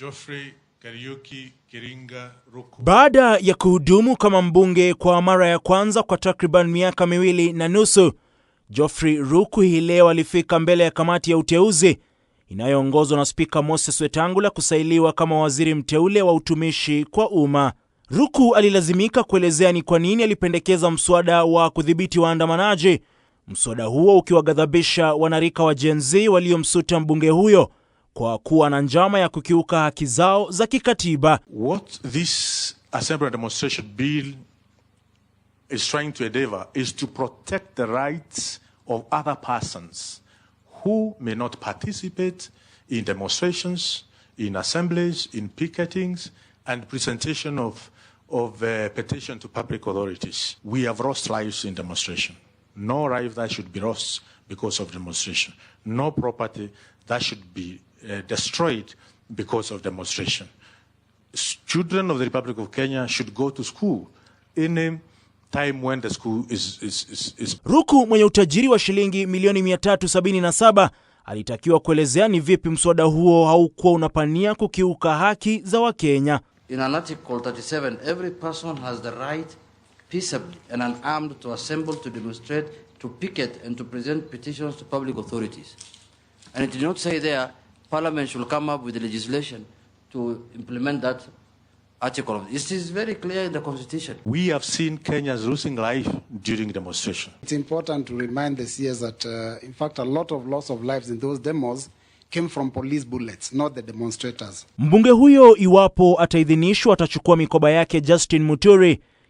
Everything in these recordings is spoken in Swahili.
Geoffrey Kariuki Kiringa Ruku. Baada ya kuhudumu kama mbunge kwa mara ya kwanza kwa takriban miaka miwili na nusu, Geoffrey Ruku hii leo alifika mbele ya kamati ya uteuzi inayoongozwa na Spika Moses Wetangula kusailiwa kama waziri mteule wa utumishi kwa umma. Ruku alilazimika kuelezea ni kwa nini alipendekeza mswada wa kudhibiti waandamanaji, mswada huo ukiwaghadhabisha wanarika wa Gen Z waliomsuta mbunge huyo kwa kuwa na njama ya kukiuka haki zao za kikatiba. What this assembly and demonstration bill is trying to endeavor is to protect the rights of other persons who may not participate in demonstrations, in assemblies, in picketings and presentation of of uh, petition to public authorities. We have lost lives in demonstration. No life that should be lost because of demonstration. No property that should be uh, destroyed because of demonstration. Children of the Republic of Kenya should go to school in a time when the school is, is, is, is... Ruku mwenye utajiri wa shilingi milioni 377 alitakiwa kuelezea ni vipi mswada huo haukuwa unapania kukiuka haki za Wakenya. In an article 37, every person has the right peaceably and unarmed to assemble, to demonstrate, to picket, and to present petitions to public authorities. And it did not say there, Parliament should come up with legislation to implement that article. It is very clear in the Constitution. We have seen Kenyans losing life during demonstration. It's important to remind the CS that, uh, in fact, a lot of loss of lives in those demos came from police bullets, not the demonstrators. Mbunge huyo iwapo ataidhinishwa atachukua mikoba yake Justin Muturi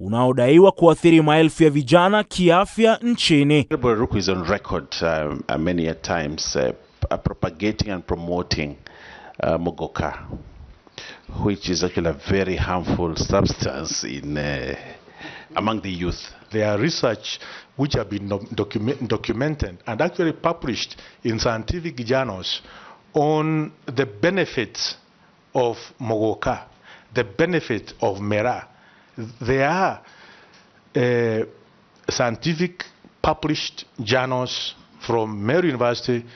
unaodaiwa kuathiri maelfu ya vijana kiafya nchini. Is on record, uh, uh, many a times, uh, uh propagating and promoting, uh, which is actually a very harmful substance in, uh, among the youth. There are research which have been document documented and actually published in scientific journals on the benefits of the benefit of there are uh, scientific published journals from Mary University